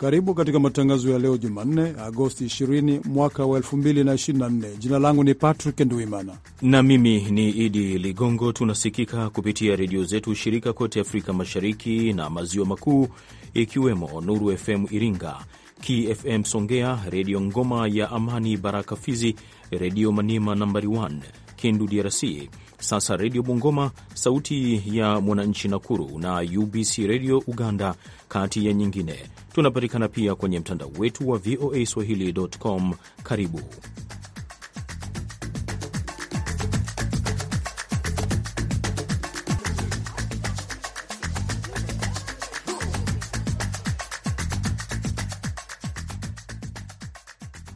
Karibu katika matangazo ya leo Jumanne, Agosti 20 mwaka wa 2024. Jina langu ni Patrick Nduimana na mimi ni Idi Ligongo. Tunasikika kupitia redio zetu shirika kote Afrika Mashariki na Maziwa Makuu, ikiwemo Nuru FM Iringa, KFM Songea, Redio Ngoma ya Amani, Baraka Fizi, Redio manima nambari 1, Kindu DRC, sasa Redio Bungoma, Sauti ya Mwananchi Nakuru na UBC Redio Uganda, kati ya nyingine. Tunapatikana pia kwenye mtandao wetu wa VOA swahili.com. Karibu.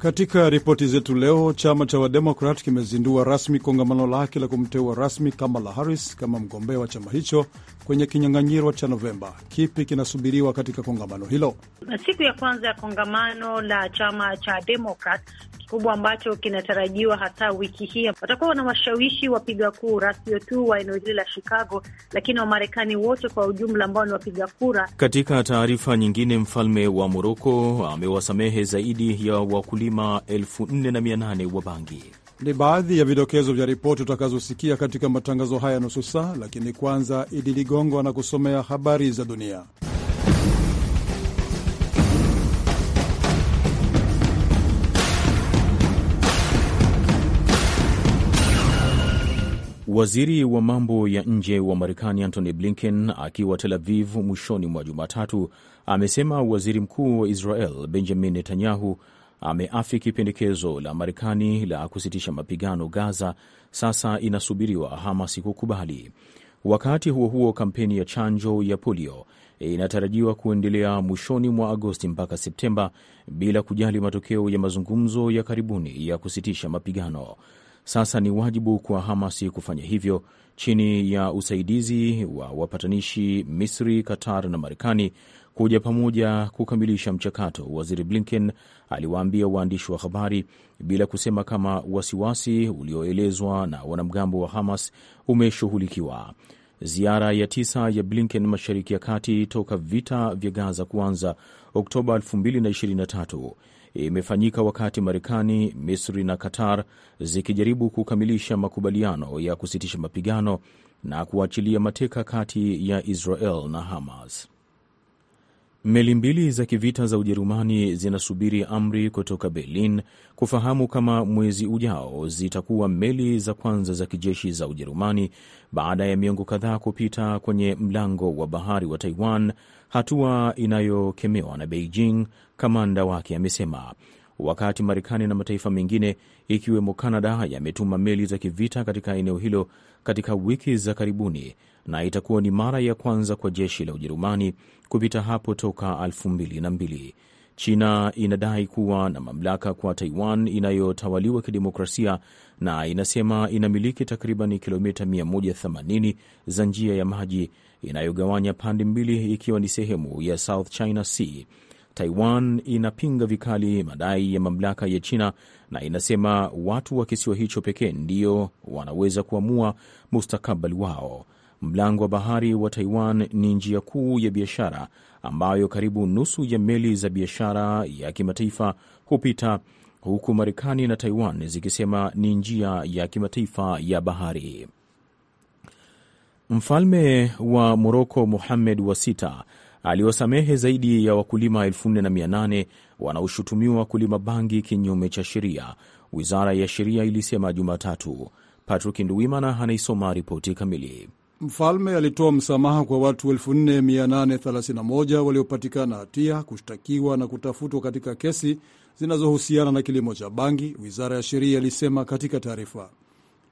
Katika ripoti zetu leo, chama cha Wademokrat kimezindua rasmi kongamano lake la kumteua rasmi Kamala Harris kama mgombea wa chama hicho kwenye kinyang'anyiro cha Novemba. Kipi kinasubiriwa katika kongamano hilo? Siku ya kwanza ya kongamano la chama cha Demokrat kikubwa ambacho kinatarajiwa hata wiki hii. Watakuwa washawishi wapiga kura sio tu wa eneo hili la Chicago, lakini Wamarekani wote kwa ujumla ambao ni wapiga kura. Katika taarifa nyingine, mfalme wa Moroko amewasamehe zaidi ya wakulima 48 wa bangi. Ni baadhi ya vidokezo vya ripoti utakazosikia katika matangazo haya nusu saa, lakini kwanza Idi Ligongo anakusomea habari za dunia. Waziri wa mambo ya nje wa Marekani Antony Blinken akiwa Tel Aviv mwishoni mwa Jumatatu amesema waziri mkuu wa Israel Benjamin Netanyahu ameafiki pendekezo la Marekani la kusitisha mapigano Gaza. Sasa inasubiriwa Hamas kukubali. Wakati huo huo, kampeni ya chanjo ya polio inatarajiwa kuendelea mwishoni mwa Agosti mpaka Septemba bila kujali matokeo ya mazungumzo ya karibuni ya kusitisha mapigano. Sasa ni wajibu kwa Hamasi kufanya hivyo chini ya usaidizi wa wapatanishi Misri, Qatar na Marekani kuja pamoja kukamilisha mchakato, Waziri Blinken aliwaambia waandishi wa habari, bila kusema kama wasiwasi ulioelezwa na wanamgambo wa Hamas umeshughulikiwa. Ziara ya tisa ya Blinken Mashariki ya Kati toka vita vya Gaza kuanza Oktoba 2023 imefanyika wakati Marekani, Misri na Qatar zikijaribu kukamilisha makubaliano ya kusitisha mapigano na kuachilia mateka kati ya Israel na Hamas. Meli mbili za kivita za Ujerumani zinasubiri amri kutoka Berlin kufahamu kama mwezi ujao zitakuwa meli za kwanza za kijeshi za Ujerumani baada ya miongo kadhaa kupita kwenye mlango wa bahari wa Taiwan hatua inayokemewa na Beijing, kamanda wake amesema. Wakati Marekani na mataifa mengine ikiwemo Kanada yametuma meli za kivita katika eneo hilo katika wiki za karibuni, na itakuwa ni mara ya kwanza kwa jeshi la Ujerumani kupita hapo toka 2002. China inadai kuwa na mamlaka kwa Taiwan inayotawaliwa kidemokrasia na inasema inamiliki takriban kilomita 180 za njia ya maji inayogawanya pande mbili ikiwa ni sehemu ya South China Sea. Taiwan inapinga vikali madai ya mamlaka ya China na inasema watu wa kisiwa hicho pekee ndio wanaweza kuamua mustakabali wao. Mlango wa bahari wa Taiwan ni njia kuu ya biashara ambayo karibu nusu ya meli za biashara ya kimataifa hupita, huku Marekani na Taiwan zikisema ni njia ya kimataifa ya bahari. Mfalme wa Moroko Muhamed wa Sita aliwasamehe zaidi ya wakulima 4800 wanaoshutumiwa kulima bangi kinyume cha sheria, wizara ya sheria ilisema Jumatatu. Patrick Nduwimana anaisoma ripoti kamili. Mfalme alitoa msamaha kwa watu 4831 waliopatikana hatia, kushtakiwa na kutafutwa katika kesi zinazohusiana na kilimo cha bangi, wizara ya sheria ilisema katika taarifa.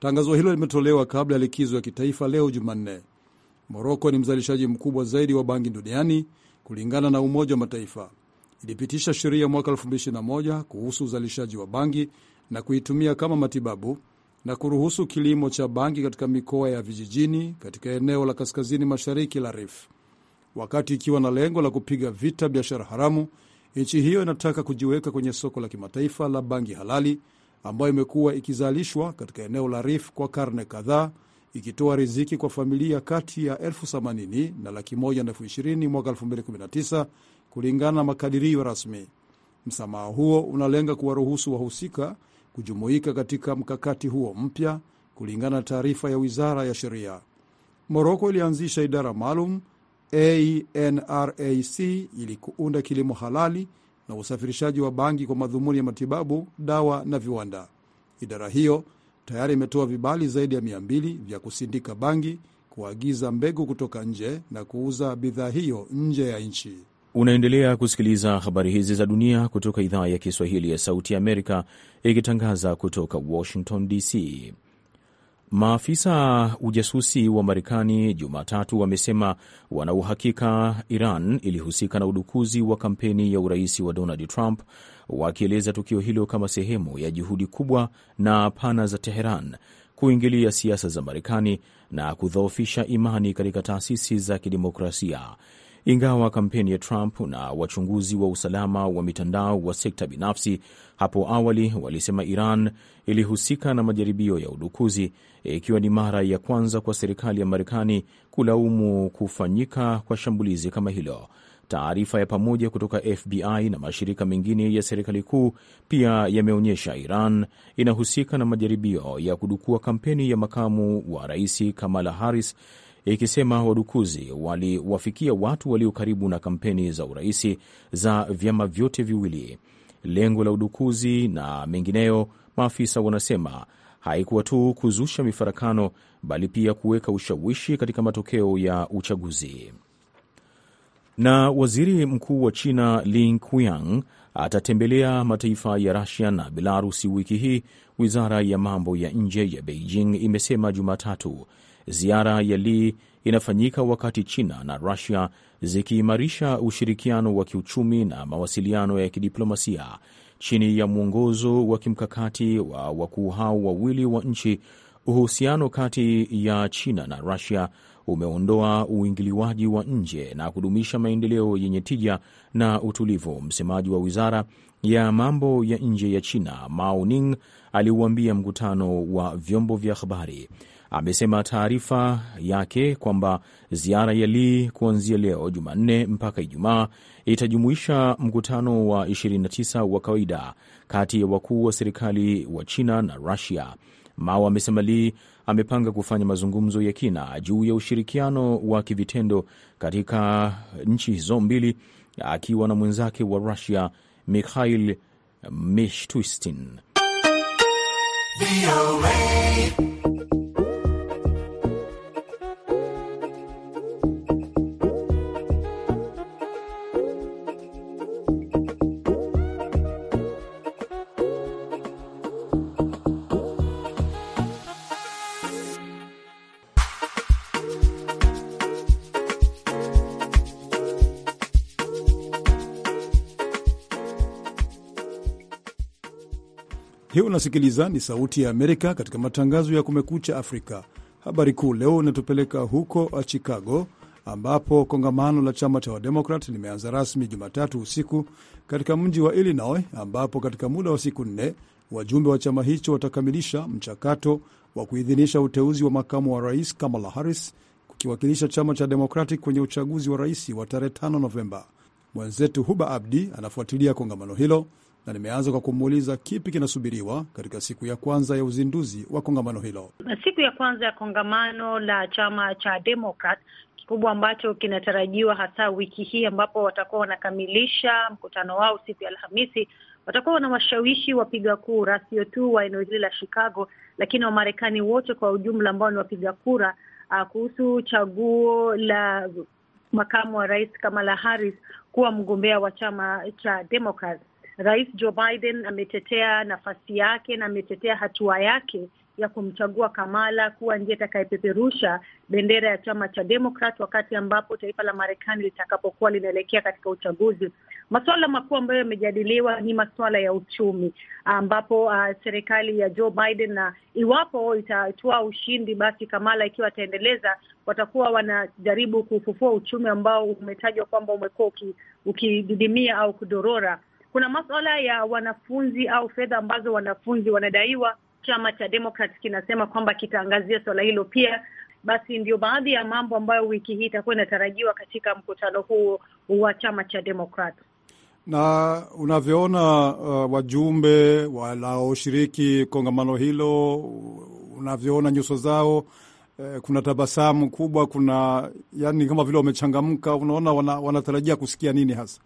Tangazo hilo limetolewa kabla ya likizo ya kitaifa leo Jumanne. Moroko ni mzalishaji mkubwa zaidi wa bangi duniani kulingana na Umoja wa Mataifa. Ilipitisha sheria mwaka 2021 kuhusu uzalishaji wa bangi na kuitumia kama matibabu na kuruhusu kilimo cha bangi katika mikoa ya vijijini katika eneo la kaskazini mashariki la Rif. Wakati ikiwa na lengo la kupiga vita biashara haramu, nchi hiyo inataka kujiweka kwenye soko la kimataifa la bangi halali ambayo imekuwa ikizalishwa katika eneo la Rif kwa karne kadhaa ikitoa riziki kwa familia kati ya elfu themanini na laki moja na elfu ishirini mwaka 2019 kulingana na makadirio rasmi. Msamaha huo unalenga kuwaruhusu wahusika kujumuika katika mkakati huo mpya, kulingana na taarifa ya wizara ya sheria. Moroko ilianzisha idara maalum ANRAC ili kuunda kilimo halali na usafirishaji wa bangi kwa madhumuni ya matibabu, dawa na viwanda. Idara hiyo tayari imetoa vibali zaidi ya 200 vya kusindika bangi, kuagiza mbegu kutoka nje na kuuza bidhaa hiyo nje ya nchi. Unaendelea kusikiliza habari hizi za dunia kutoka idhaa ya Kiswahili ya Sauti ya Amerika, ikitangaza kutoka Washington DC. Maafisa ujasusi wa Marekani Jumatatu wamesema wana uhakika Iran ilihusika na udukuzi wa kampeni ya urais wa Donald Trump, wakieleza tukio hilo kama sehemu ya juhudi kubwa na pana za Teheran kuingilia siasa za Marekani na kudhoofisha imani katika taasisi za kidemokrasia. Ingawa kampeni ya Trump na wachunguzi wa usalama wa mitandao wa sekta binafsi hapo awali walisema Iran ilihusika na majaribio ya udukuzi, ikiwa ni mara ya kwanza kwa serikali ya Marekani kulaumu kufanyika kwa shambulizi kama hilo. Taarifa ya pamoja kutoka FBI na mashirika mengine ya serikali kuu pia yameonyesha Iran inahusika na majaribio ya kudukua kampeni ya makamu wa rais Kamala Harris ikisema wadukuzi waliwafikia watu walio karibu na kampeni za uraisi za vyama vyote viwili. Lengo la udukuzi na mengineyo, maafisa wanasema, haikuwa tu kuzusha mifarakano, bali pia kuweka ushawishi katika matokeo ya uchaguzi. Na waziri mkuu wa China Li Qiang atatembelea mataifa ya Rasia na Belarusi wiki hii, wizara ya mambo ya nje ya Beijing imesema Jumatatu. Ziara ya Li inafanyika wakati China na Rusia zikiimarisha ushirikiano wa kiuchumi na mawasiliano ya kidiplomasia chini ya mwongozo wa kimkakati wa wakuu hao wawili wa nchi. Uhusiano kati ya China na Rusia umeondoa uingiliwaji wa nje na kudumisha maendeleo yenye tija na utulivu. Msemaji wa wizara ya mambo ya nje ya China Mao Ning aliuambia mkutano wa vyombo vya habari amesema taarifa yake kwamba ziara ya Lee kuanzia leo Jumanne mpaka Ijumaa itajumuisha mkutano wa 29 wa kawaida kati ya wakuu wa serikali wa China na Rusia. Mao amesema Lee amepanga kufanya mazungumzo ya kina juu ya ushirikiano wa kivitendo katika nchi hizo mbili akiwa na mwenzake wa Rusia Mikhail Mishustin. Hiyo unasikiliza ni Sauti ya Amerika katika matangazo ya Kumekucha Afrika. Habari kuu leo inatupeleka huko Chicago ambapo kongamano la chama cha Wademokrat limeanza rasmi Jumatatu usiku katika mji wa Illinois, ambapo katika muda wa siku nne wajumbe wa chama hicho watakamilisha mchakato wa kuidhinisha uteuzi wa makamu wa rais Kamala Harris kukiwakilisha chama cha Demokratic kwenye uchaguzi wa rais wa tarehe 5 Novemba. Mwenzetu Huba Abdi anafuatilia kongamano hilo na nimeanza kwa kumuuliza kipi kinasubiriwa katika siku ya kwanza ya uzinduzi wa kongamano hilo. Siku ya kwanza ya kongamano la chama cha Demokrat, kikubwa ambacho kinatarajiwa hasa wiki hii ambapo watakuwa wanakamilisha mkutano wao siku ya Alhamisi, watakuwa wanawashawishi wapiga kura sio tu wa eneo hili la Chicago, lakini Wamarekani wote kwa ujumla ambao ni wapiga kura uh, kuhusu chaguo la makamu wa rais Kamala Harris kuwa mgombea wa chama cha demokrat Rais Joe Biden ametetea nafasi yake na ametetea hatua yake ya kumchagua Kamala kuwa ndiye atakayepeperusha bendera ya chama cha Demokrat wakati ambapo taifa la Marekani litakapokuwa linaelekea katika uchaguzi. Masuala makuu ambayo yamejadiliwa ni masuala ya uchumi, ambapo uh, serikali ya Joe Biden na iwapo itatoa ushindi, basi Kamala ikiwa ataendeleza, watakuwa wanajaribu kufufua uchumi ambao umetajwa kwamba umekuwa ukididimia au kudorora kuna maswala ya wanafunzi au fedha ambazo wanafunzi wanadaiwa. Chama cha Demokrat kinasema kwamba kitaangazia swala hilo pia. Basi ndio baadhi ya mambo ambayo wiki hii itakuwa inatarajiwa katika mkutano huu wa chama cha Demokrat. Na unavyoona uh, wajumbe wanaoshiriki kongamano hilo, unavyoona nyuso zao eh, kuna tabasamu kubwa, kuna yani kama vile wamechangamka. Unaona, wanatarajia wana kusikia nini hasa?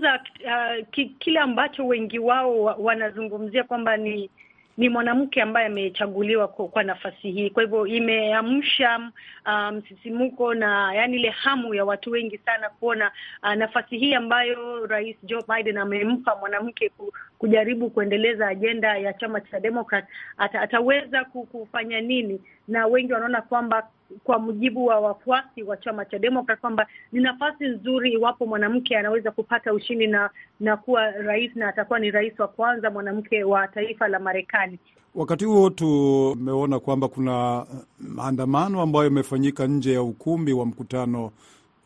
kwanza uh, ki, kile ambacho wengi wao wanazungumzia kwamba ni ni mwanamke ambaye amechaguliwa kwa, kwa nafasi hii. Kwa hivyo imeamsha uh, msisimuko um, na yani ile hamu ya watu wengi sana kuona uh, nafasi hii ambayo Rais Joe Biden amempa mwanamke kujaribu kuendeleza ajenda ya chama cha Demokrat ata, ataweza kufanya nini? Na wengi wanaona kwamba kwa mujibu wa wafuasi wa chama cha Demokrat kwamba ni nafasi nzuri iwapo mwanamke anaweza kupata ushindi na na kuwa rais, na atakuwa ni rais wa kwanza mwanamke wa taifa la Marekani. Wakati huo tumeona kwamba kuna maandamano ambayo yamefanyika nje ya ukumbi wa mkutano.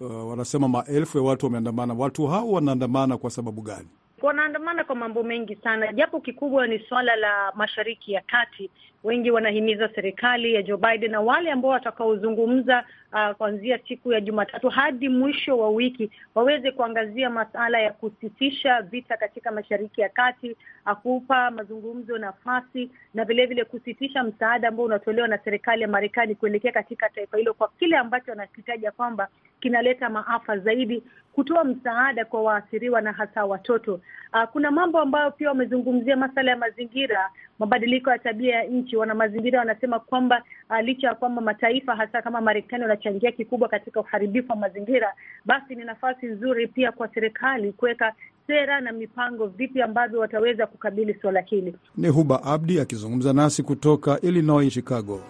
Uh, wanasema maelfu ya watu wameandamana. Watu hao wanaandamana kwa sababu gani? wanaandamana kwa mambo mengi sana, japo kikubwa ni suala la Mashariki ya Kati wengi wanahimiza serikali ya Joe Biden na wale ambao watakaozungumza uh, kuanzia siku ya Jumatatu hadi mwisho wa wiki waweze kuangazia masuala ya kusitisha vita katika Mashariki ya Kati, akupa uh, mazungumzo nafasi na vilevile kusitisha msaada ambao unatolewa na serikali ya Marekani kuelekea katika taifa hilo kwa kile ambacho wanakitaja kwamba kinaleta maafa zaidi, kutoa msaada kwa waathiriwa na hasa watoto. Uh, kuna mambo ambayo pia wamezungumzia masuala ya mazingira mabadiliko ya tabia ya nchi. Wana mazingira wanasema kwamba uh, licha ya kwamba mataifa hasa kama Marekani wanachangia kikubwa katika uharibifu wa mazingira, basi ni nafasi nzuri pia kwa serikali kuweka sera na mipango vipi ambavyo wataweza kukabili suala hili. Ni Huba Abdi akizungumza nasi kutoka Illinois, Chicago.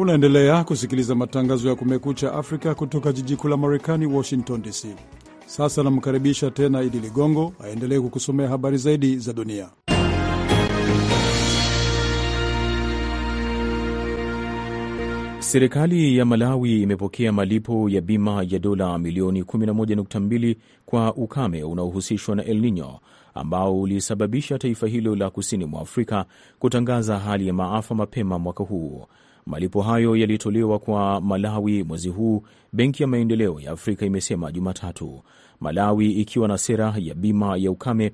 Unaendelea kusikiliza matangazo ya Kumekucha Afrika kutoka jiji kuu la Marekani, Washington DC. Sasa namkaribisha tena Idi Ligongo aendelee kukusomea habari zaidi za dunia. Serikali ya Malawi imepokea malipo ya bima ya dola milioni 11.2 kwa ukame unaohusishwa na El Nino ambao ulisababisha taifa hilo la kusini mwa Afrika kutangaza hali ya maafa mapema mwaka huu. Malipo hayo yalitolewa kwa Malawi mwezi huu, Benki ya Maendeleo ya Afrika imesema Jumatatu, Malawi ikiwa na sera ya bima ya ukame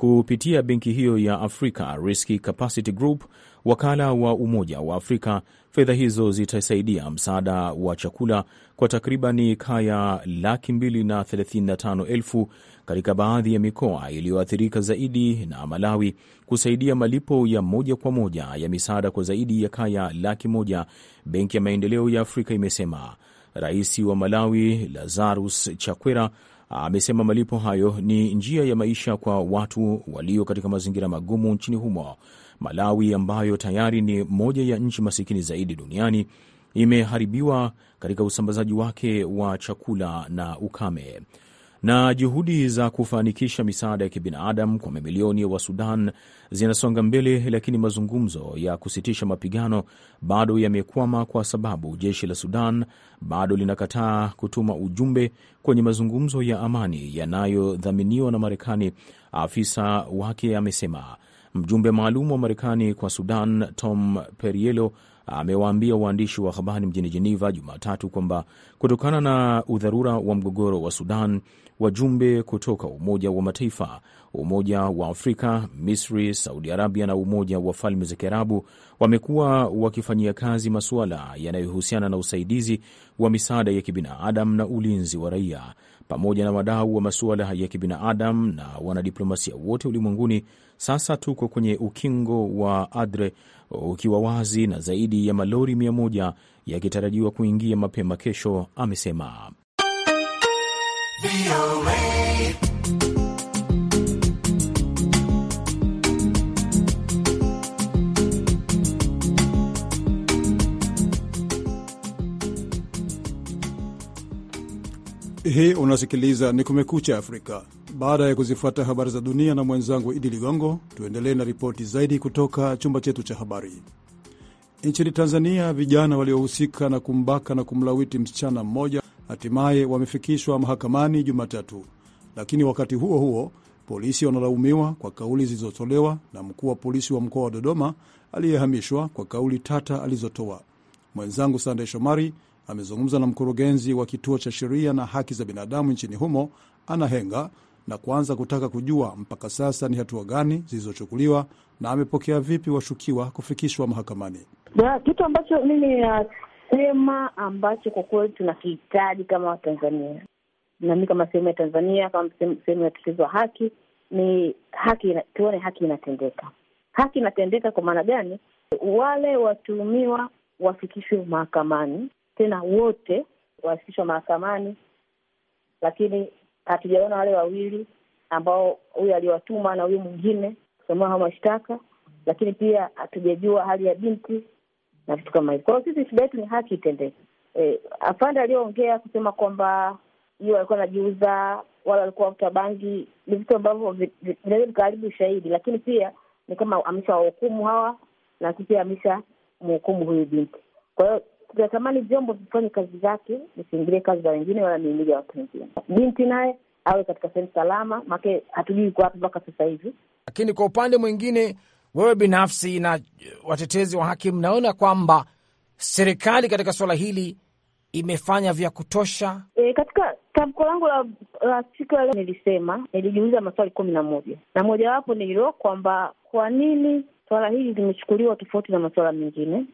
kupitia benki hiyo ya Africa Risk Capacity Group, wakala wa Umoja wa Afrika. Fedha hizo zitasaidia msaada wa chakula kwa takribani kaya laki mbili na thelathini na tano elfu katika baadhi ya mikoa iliyoathirika zaidi na Malawi, kusaidia malipo ya moja kwa moja ya misaada kwa zaidi ya kaya laki moja, Benki ya Maendeleo ya Afrika imesema. Rais wa Malawi Lazarus Chakwera amesema malipo hayo ni njia ya maisha kwa watu walio katika mazingira magumu nchini humo. Malawi ambayo tayari ni moja ya nchi masikini zaidi duniani imeharibiwa katika usambazaji wake wa chakula na ukame na juhudi za kufanikisha misaada ya kibinadamu kwa mamilioni wa Sudan zinasonga mbele, lakini mazungumzo ya kusitisha mapigano bado yamekwama kwa sababu jeshi la Sudan bado linakataa kutuma ujumbe kwenye mazungumzo ya amani yanayodhaminiwa na Marekani, afisa wake amesema. Mjumbe maalum wa Marekani kwa Sudan Tom Perriello amewaambia waandishi wa habari mjini Jeneva Jumatatu kwamba kutokana na udharura wa mgogoro wa Sudan, wajumbe kutoka Umoja wa Mataifa, Umoja wa Afrika, Misri, Saudi Arabia na Umoja wa Falme za Kiarabu wamekuwa wakifanyia kazi masuala yanayohusiana na usaidizi wa misaada ya kibinadamu na ulinzi wa raia, pamoja na wadau wa masuala ya kibinadamu na wanadiplomasia wote ulimwenguni. Sasa tuko kwenye ukingo wa Adre ukiwa wazi na zaidi ya malori mia moja yakitarajiwa kuingia mapema kesho, amesema. Hii unasikiliza ni Kumekucha Afrika. Baada ya kuzifuata habari za dunia na mwenzangu Idi Ligongo, tuendelee na ripoti zaidi kutoka chumba chetu cha habari. Nchini Tanzania, vijana waliohusika na kumbaka na kumlawiti msichana mmoja hatimaye wamefikishwa mahakamani Jumatatu, lakini wakati huo huo polisi wanalaumiwa kwa kauli zilizotolewa na mkuu wa polisi wa mkoa wa Dodoma aliyehamishwa kwa kauli tata alizotoa. Mwenzangu Sandey Shomari amezungumza na mkurugenzi wa kituo cha sheria na haki za binadamu nchini humo Ana Henga na kuanza kutaka kujua mpaka sasa ni hatua gani zilizochukuliwa na amepokea vipi washukiwa kufikishwa mahakamani. Na kitu ambacho mimi nasema ambacho kwa kweli tunakihitaji kama Watanzania na mi kama sehemu ya Tanzania, kama sehemu ya utetezi wa haki ni haki, tuone haki inatendeka. Haki inatendeka kwa maana gani? Wale watuhumiwa wafikishwe mahakamani tena wote wafikishwa mahakamani, lakini hatujaona wale wawili ambao huyu aliwatuma na huyu mwingine kusomewa hao mashtaka, lakini pia hatujajua hali ya binti na vitu kama hivyo. Kwa hiyo sisi shida yetu ni haki itendeke. E, afande aliyoongea kusema kwamba hiyo alikuwa anajiuza wala alikuwa wakuta bangi ni vitu ambavyo vinaweza vikaharibu ushahidi, lakini pia ni kama amesha wahukumu hawa, lakini pia amesha mhukumu huyu binti. Kwa hiyo tunatamani vyombo vifanye kazi zake, visiingilie kazi za wengine wala miimili ya watu wengine. Binti naye awe katika sehemu salama, make hatujui kwa mpaka sasa hivi. Lakini kwa upande mwingine, wewe binafsi na watetezi wa haki, mnaona kwamba serikali katika suala hili imefanya vya kutosha? E, katika tamko langu la, la siku ya leo nilisema, nilijiuliza maswali kumi na moja na mojawapo hilo kwamba kwa nini swala hili limechukuliwa tofauti na masuala mengine,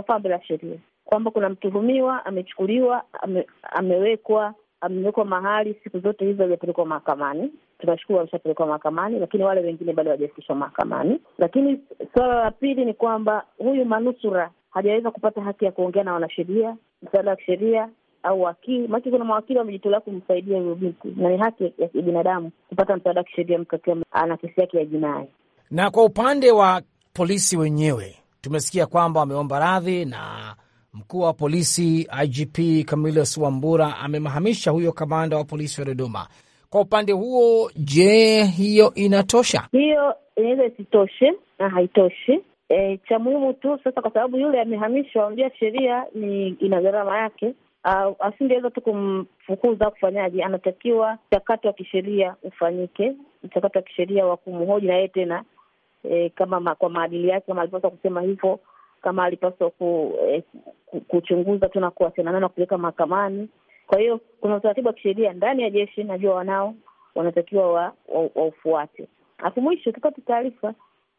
kuna mbele ya sheria kwamba kuna mtuhumiwa amechukuliwa, ame, amewekwa amewekwa mahali siku zote hizo aliyopelekwa mahakamani. Tunashukuru wameshapelekwa mahakamani, lakini wale wengine bado hawajafikishwa mahakamani. Lakini suala la pili ni kwamba huyu manusura hajaweza kupata haki ya kuongea na wanasheria, msaada wa kisheria au wakili, maanake kuna mawakili wamejitolea kumsaidia huyo binti, na ni haki ya kibinadamu kupata msaada wa kisheria mtu akiwa ana kesi yake ya jinai. Na kwa upande wa polisi wenyewe tumesikia kwamba wameomba radhi na mkuu wa polisi IGP Camillus Wambura amemhamisha huyo kamanda wa polisi wa Dodoma. Kwa upande huo, je, hiyo inatosha? Hiyo inaweza isitoshe na haitoshi. E, cha muhimu tu sasa, kwa sababu yule amehamishwa, unajua sheria ni ina gharama yake. Uh, asingeweza tu kumfukuza kufanyaje? Anatakiwa mchakato wa kisheria ufanyike, mchakato wa kisheria wa kumhoji na yeye tena e, kama ma, kwa maadili yake kama alipaswa kusema hivyo, kama alipaswa ku, e, kuchunguza tu na kuwasiliana na kupeleka mahakamani. Kwa hiyo kuna utaratibu wa kisheria ndani ya jeshi, najua wanao wanatakiwa waufuate. wa, wa afu mwisho tukati taarifa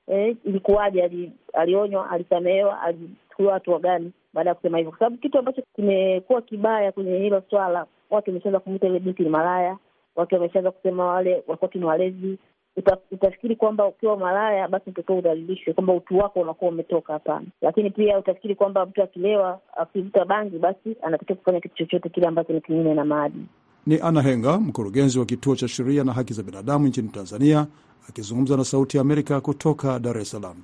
e, ilikuwaje, alionywa, alisamehewa, alichukuliwa hatua gani baada ya kusema hivyo, kwa sababu kitu ambacho kimekuwa kibaya kwenye hilo swala, watu wameshaanza kumuita ile binti ni malaya, watu wameshaanza kusema wale wakoti ni walezi, utafikiri kwamba ukiwa malaya basi utakiwa udhalilishwe kwamba utu wako unakuwa umetoka. Hapana. Lakini pia utafikiri kwamba mtu akilewa, akivuta bangi, basi anatakiwa kufanya kitu chochote kile ambacho ni kinyume na maadili. Ni Ana Henga, mkurugenzi wa kituo cha sheria na haki za binadamu nchini Tanzania, akizungumza na Sauti ya Amerika kutoka Dar es Salaam.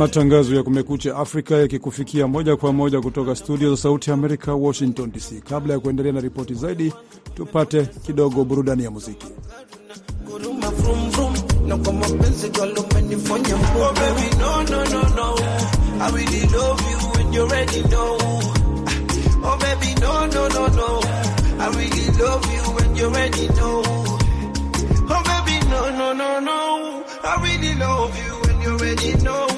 matangazo ya Kumekucha Afrika yakikufikia moja kwa moja kutoka studio za Sauti ya Amerika, Washington DC. Kabla ya kuendelea na ripoti zaidi, tupate kidogo burudani ya muziki. Oh, baby,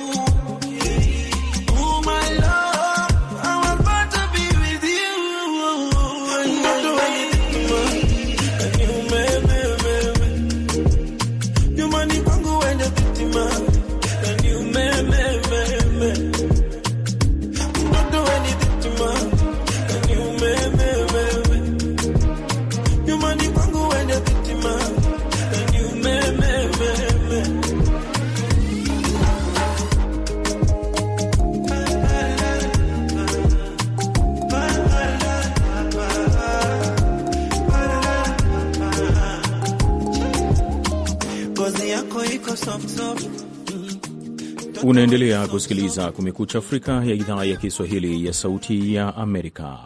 Unaendelea kusikiliza Kumekucha Afrika ya idhaa ya Kiswahili ya Sauti ya Amerika.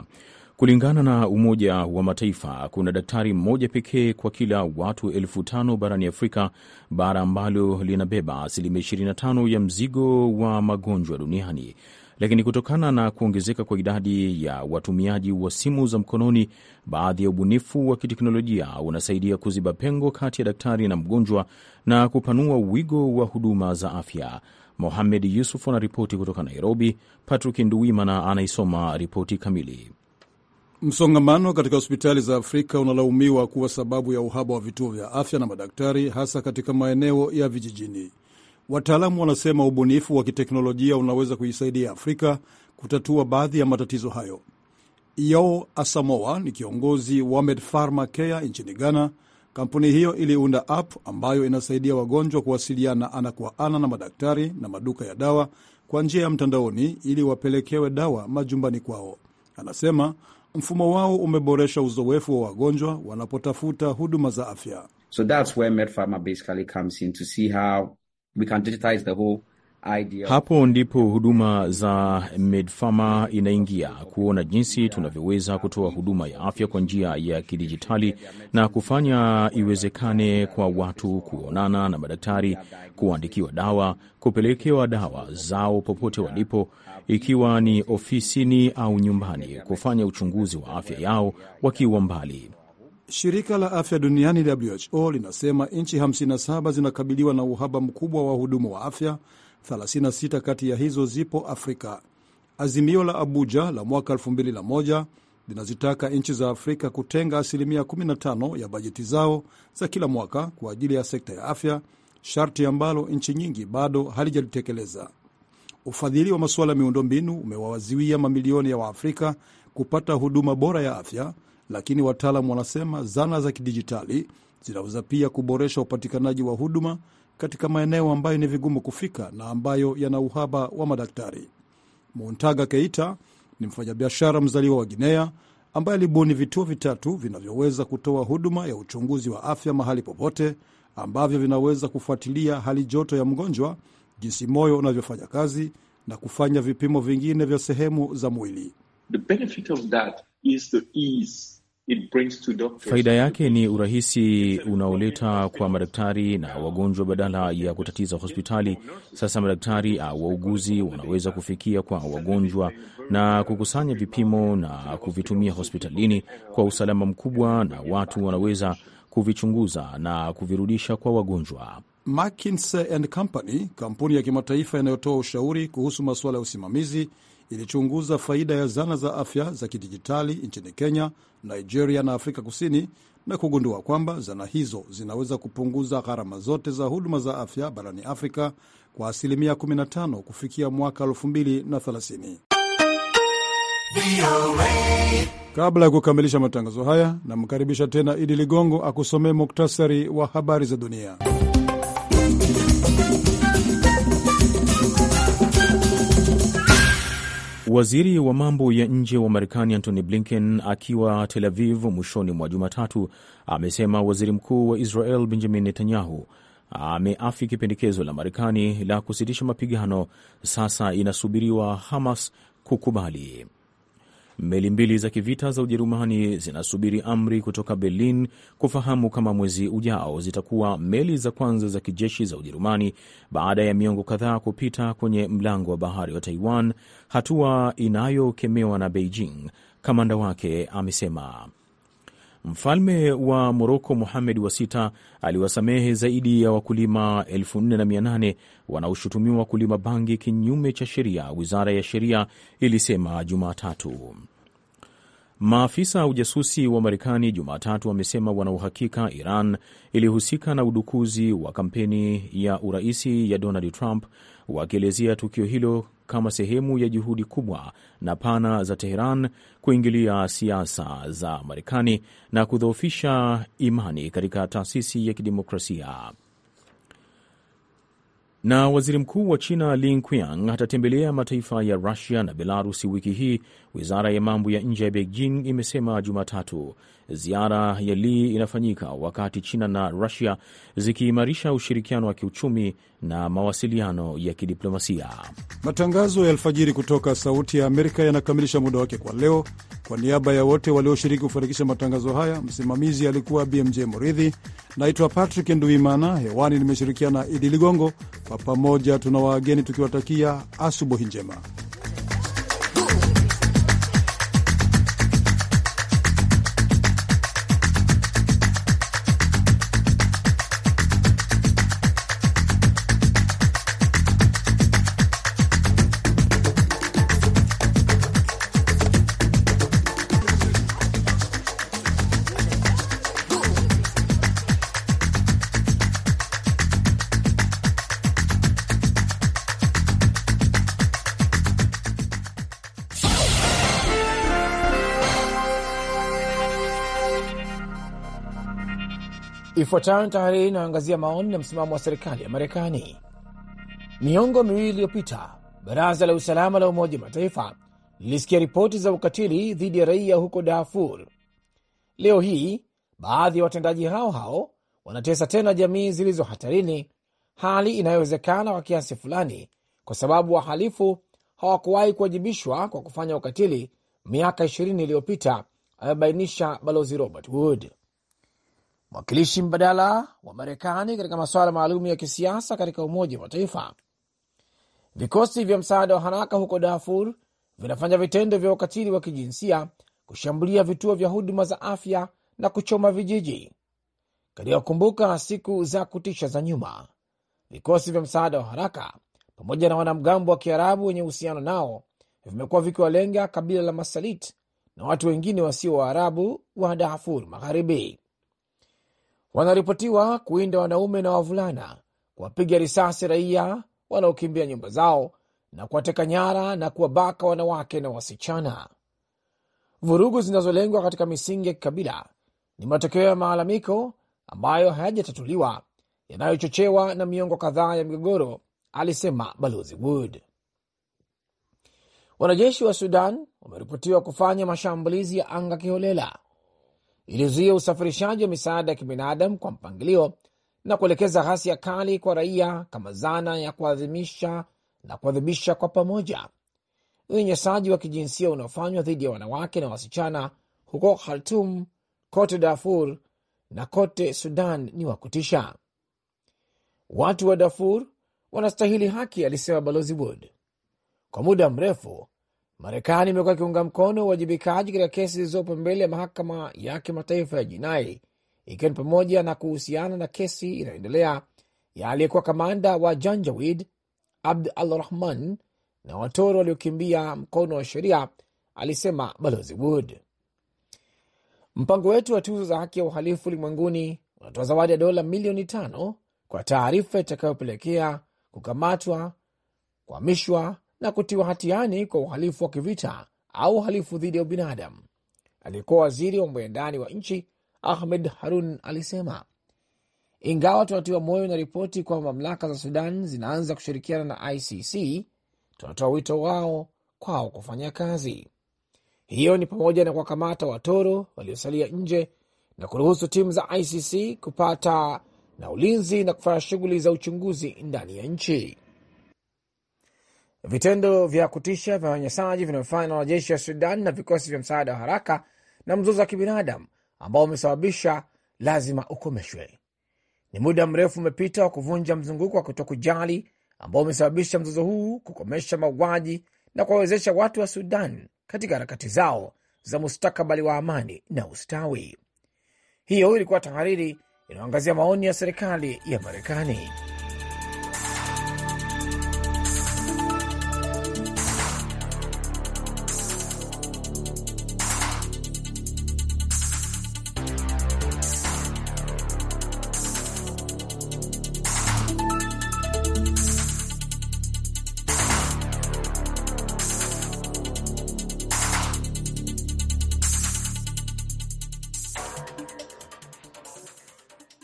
Kulingana na Umoja wa Mataifa, kuna daktari mmoja pekee kwa kila watu elfu tano barani Afrika, bara ambalo linabeba asilimia 25 ya mzigo wa magonjwa duniani. Lakini kutokana na kuongezeka kwa idadi ya watumiaji wa simu za mkononi, baadhi ya ubunifu wa kiteknolojia unasaidia kuziba pengo kati ya daktari na mgonjwa na kupanua wigo wa huduma za afya. Mohamed Yusuf anaripoti kutoka Nairobi. Patrick Nduwimana anaisoma ripoti kamili. Msongamano katika hospitali za Afrika unalaumiwa kuwa sababu ya uhaba wa vituo vya afya na madaktari, hasa katika maeneo ya vijijini. Wataalamu wanasema ubunifu wa kiteknolojia unaweza kuisaidia Afrika kutatua baadhi ya matatizo hayo. Yo Asamoa ni kiongozi wa Medpharma Care nchini Ghana, Kampuni hiyo iliunda app ambayo inasaidia wagonjwa kuwasiliana ana kwa ana na madaktari na maduka ya dawa kwa njia ya mtandaoni ili wapelekewe dawa majumbani kwao. Anasema mfumo wao umeboresha uzoefu wa wagonjwa wanapotafuta huduma za afya. So that's where basically comes in to see how we can digitize the whole hapo ndipo huduma za Medfama inaingia kuona jinsi tunavyoweza kutoa huduma ya afya kwa njia ya kidijitali na kufanya iwezekane kwa watu kuonana na madaktari, kuandikiwa dawa, kupelekewa dawa zao popote walipo, ikiwa ni ofisini au nyumbani, kufanya uchunguzi wa afya yao wakiwa mbali. Shirika la Afya Duniani WHO linasema nchi 57 zinakabiliwa na uhaba mkubwa wa wahudumu wa afya 36 kati ya hizo zipo Afrika. Azimio la Abuja la mwaka 2001 linazitaka nchi za Afrika kutenga asilimia 15 ya bajeti zao za kila mwaka kwa ajili ya sekta ya afya, sharti ambalo nchi nyingi bado halijalitekeleza. Ufadhili wa masuala ya miundombinu umewawaziwia mamilioni ya Waafrika kupata huduma bora ya afya, lakini wataalam wanasema zana za kidijitali zinaweza pia kuboresha upatikanaji wa huduma katika maeneo ambayo ni vigumu kufika na ambayo yana uhaba wa madaktari. Montaga Keita ni mfanyabiashara mzaliwa wa Guinea ambaye alibuni vituo vitatu vinavyoweza kutoa huduma ya uchunguzi wa afya mahali popote, ambavyo vinaweza kufuatilia hali joto ya mgonjwa, jinsi moyo unavyofanya kazi na kufanya vipimo vingine vya sehemu za mwili. The benefit of that is ease Faida yake ni urahisi unaoleta kwa madaktari na wagonjwa, badala ya kutatiza hospitali. Sasa madaktari au ah, wauguzi wanaweza kufikia kwa wagonjwa na kukusanya vipimo na kuvitumia hospitalini kwa usalama mkubwa, na watu wanaweza kuvichunguza na kuvirudisha kwa wagonjwa. McKinsey and Company, kampuni ya kimataifa inayotoa ushauri kuhusu masuala ya usimamizi ilichunguza faida ya zana za afya za kidijitali nchini Kenya, Nigeria na Afrika Kusini na kugundua kwamba zana hizo zinaweza kupunguza gharama zote za huduma za afya barani Afrika kwa asilimia 15 kufikia mwaka 2030. Kabla ya kukamilisha matangazo haya, namkaribisha tena Idi Ligongo akusomee muktasari wa habari za dunia. Waziri wa mambo ya nje wa Marekani Antony Blinken akiwa Tel Aviv mwishoni mwa Jumatatu amesema waziri mkuu wa Israel Benjamin Netanyahu ameafiki pendekezo la Marekani la kusitisha mapigano. Sasa inasubiriwa Hamas kukubali. Meli mbili za kivita za Ujerumani zinasubiri amri kutoka Berlin kufahamu kama mwezi ujao zitakuwa meli za kwanza za kijeshi za Ujerumani baada ya miongo kadhaa kupita kwenye mlango wa bahari wa Taiwan, hatua inayokemewa na Beijing, kamanda wake amesema. Mfalme wa Moroko Muhamed wa Sita aliwasamehe zaidi ya wakulima 4800 wanaoshutumiwa kulima bangi kinyume cha sheria, wizara ya sheria ilisema Jumatatu. Maafisa ujasusi wa Marekani Jumatatu wamesema wanaohakika Iran ilihusika na udukuzi wa kampeni ya uraisi ya Donald Trump, wakielezea tukio hilo kama sehemu ya juhudi kubwa na pana za Teheran kuingilia siasa za Marekani na kudhoofisha imani katika taasisi ya kidemokrasia. Na waziri mkuu wa China Li Qiang atatembelea mataifa ya Rusia na Belarusi wiki hii, wizara ya mambo ya nje ya Beijing imesema Jumatatu. Ziara ya Li inafanyika wakati China na Rusia zikiimarisha ushirikiano wa kiuchumi na mawasiliano ya kidiplomasia. Matangazo ya alfajiri kutoka Sauti ya Amerika yanakamilisha muda wake kwa leo. Kwa niaba ya wote walioshiriki kufanikisha matangazo haya, msimamizi alikuwa BMJ Muridhi. Naitwa Patrick Nduimana, hewani nimeshirikiana Idi Ligongo. Kwa pamoja tuna wageni tukiwatakia asubuhi njema. Ifuatayo ni tahariri inayoangazia maoni na msimamo wa serikali ya Marekani. Miongo miwili iliyopita, baraza la usalama la Umoja wa Mataifa lilisikia ripoti za ukatili dhidi ya raia huko Darfur. Leo hii baadhi ya watendaji hao hao wanatesa tena jamii zilizo hatarini, hali inayowezekana kwa kiasi fulani, kwa sababu wahalifu hawakuwahi kuwajibishwa kwa kufanya ukatili miaka 20 iliyopita, amebainisha Balozi Robert Wood mwakilishi mbadala wa Marekani katika masuala maalum ya kisiasa katika Umoja wa Mataifa. Vikosi vya msaada wa haraka huko Darfur vinafanya vitendo vya ukatili wa kijinsia, kushambulia vituo vya huduma za afya na kuchoma vijiji. Katika kukumbuka siku za kutisha za nyuma, vikosi vya msaada wa haraka pamoja na wanamgambo wa Kiarabu wenye uhusiano nao vimekuwa vikiwalenga kabila la Masalit na watu wengine wasio Waarabu wa Darfur Magharibi wanaripotiwa kuinda wanaume na wavulana, kuwapiga risasi raia wanaokimbia nyumba zao na kuwateka nyara na kuwabaka wanawake na wasichana. Vurugu zinazolengwa katika misingi ya kikabila ni matokeo ya maalamiko ambayo hayajatatuliwa yanayochochewa na miongo kadhaa ya migogoro, alisema Balozi Wood. Wanajeshi wa Sudan wameripotiwa kufanya mashambulizi ya anga kiholela ilizuia usafirishaji wa misaada ya kibinadamu kwa mpangilio na kuelekeza ghasia kali kwa raia kama zana ya kuadhimisha na kuadhibisha kwa pamoja unyanyasaji wa kijinsia unaofanywa dhidi ya wanawake na wasichana huko Khartum, kote Darfur na kote Sudan ni wa kutisha. Watu wa Darfur wanastahili haki, alisema Balozi Wood. Kwa muda mrefu Marekani imekuwa ikiunga mkono uwajibikaji katika kesi zilizopo mbele ya mahakama ya kimataifa ya jinai, ikiwa ni pamoja na kuhusiana na kesi inayoendelea ya aliyekuwa kamanda wa Janjawid Abd Alrahman na watoro waliokimbia mkono wa sheria, alisema Balozi Wood. Mpango wetu wa tuzo za haki ya uhalifu ulimwenguni unatoa zawadi ya dola milioni tano kwa taarifa itakayopelekea kukamatwa, kuhamishwa na kutiwa hatiani kwa uhalifu wa kivita au uhalifu dhidi ya ubinadamu. Aliyekuwa waziri wa mambo ya ndani wa nchi Ahmed Harun alisema ingawa tunatiwa moyo na ripoti kwamba mamlaka za Sudan zinaanza kushirikiana na ICC, tunatoa wito wao kwao kufanya kazi hiyo ni pamoja na kuwakamata watoro waliosalia nje na kuruhusu timu za ICC kupata na ulinzi na kufanya shughuli za uchunguzi ndani ya nchi. Vitendo vya kutisha vya unyanyasaji vinavyofanywa na wanajeshi wa Sudan na vikosi vya msaada wa haraka na mzozo wa kibinadamu ambao umesababisha lazima ukomeshwe. Ni muda mrefu umepita wa kuvunja mzunguko wa kutokujali ambao umesababisha mzozo huu, kukomesha mauaji na kuwawezesha watu wa Sudan katika harakati zao za mustakabali wa amani na ustawi. Hiyo ilikuwa tahariri inayoangazia maoni ya serikali ya Marekani.